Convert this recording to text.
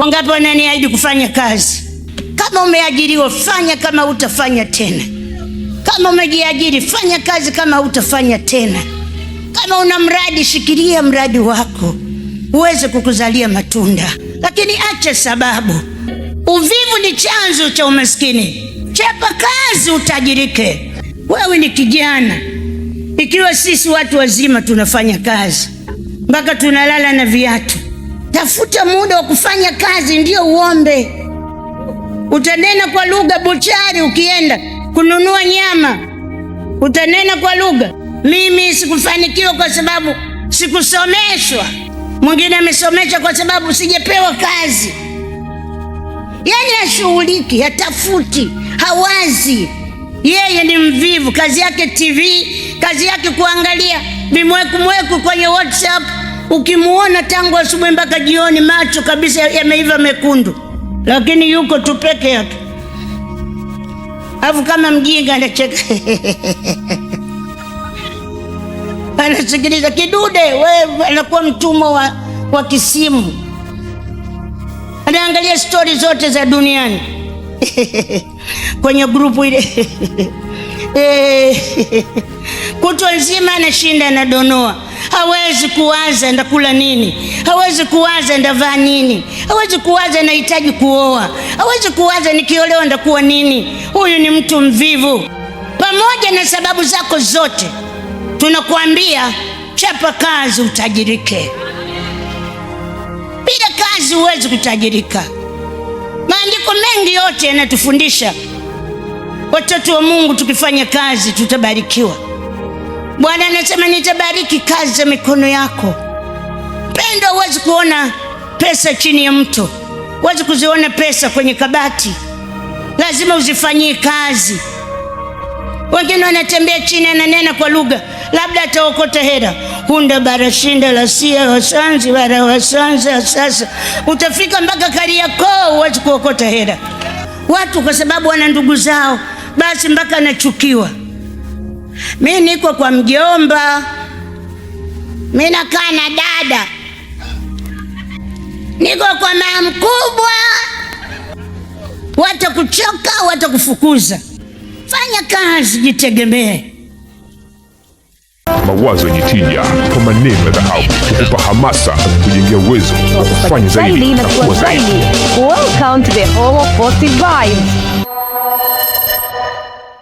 Wangapi wananiahidi kufanya kazi? Kama umeajiriwa fanya, kama utafanya tena. Kama umejiajiri fanya kazi, kama utafanya tena. Kama una mradi, shikilia mradi wako uweze kukuzalia matunda, lakini acha sababu. Uvivu ni chanzo cha umaskini. Chapa kazi utajirike. Wewe ni kijana, ikiwa sisi watu wazima tunafanya kazi mpaka tunalala na viatu Tafuta muda wa kufanya kazi, ndio uombe. Utanena kwa lugha buchari ukienda kununua nyama, utanena kwa lugha. Mimi sikufanikiwa kwa sababu sikusomeshwa. Mwingine amesomeshwa kwa sababu sijapewa kazi. yani hashughuliki, hatafuti, hawazi. Yeye ni mvivu, kazi yake TV, kazi yake kuangalia vimwekumweku kwenye WhatsApp Ukimuona tangu asubuhi mpaka jioni, macho kabisa yameiva mekundu, lakini yuko tu peke yake, alafu kama mjinga anacheka anasikiliza kidude, we anakuwa mtumwa wa, wa kisimu, anaangalia stori zote za duniani kwenye grupu ile eh, kutwa nzima anashinda anadonoa hawezi kuwaza ndakula nini, hawezi kuwaza ndavaa nini, hawezi kuwaza nahitaji kuoa, hawezi kuwaza nikiolewa ndakuwa nini. Huyu ni mtu mvivu. Pamoja na sababu zako zote, tunakuambia chapa kazi utajirike. Bila kazi huwezi kutajirika. Maandiko mengi yote yanatufundisha watoto wa Mungu, tukifanya kazi tutabarikiwa. Bwana anasema nitabariki kazi za mikono yako. Pendo, huwezi kuona pesa chini ya mto, huwezi kuziona pesa kwenye kabati, lazima uzifanyie kazi. Wengine wanatembea chini, ananena kwa lugha, labda ataokota hera hunda barashinda lasia wasanzi bara wasanzi Sasa utafika mpaka Kariakoo, huwezi kuokota hera. Watu kwa sababu wana ndugu zao, basi mpaka anachukiwa mi niko kwa mjomba, mi nakaa na dada, niko kwa mama mkubwa. Watakuchoka, watakufukuza. Fanya kazi, jitegemee. Mawazo yenye tija kwa maneno ya dhahabu kukupa hamasa kujengea uwezo wa kufanya zaidi na kuwa zaidi. Welcome to the Hall of Positive Vibes.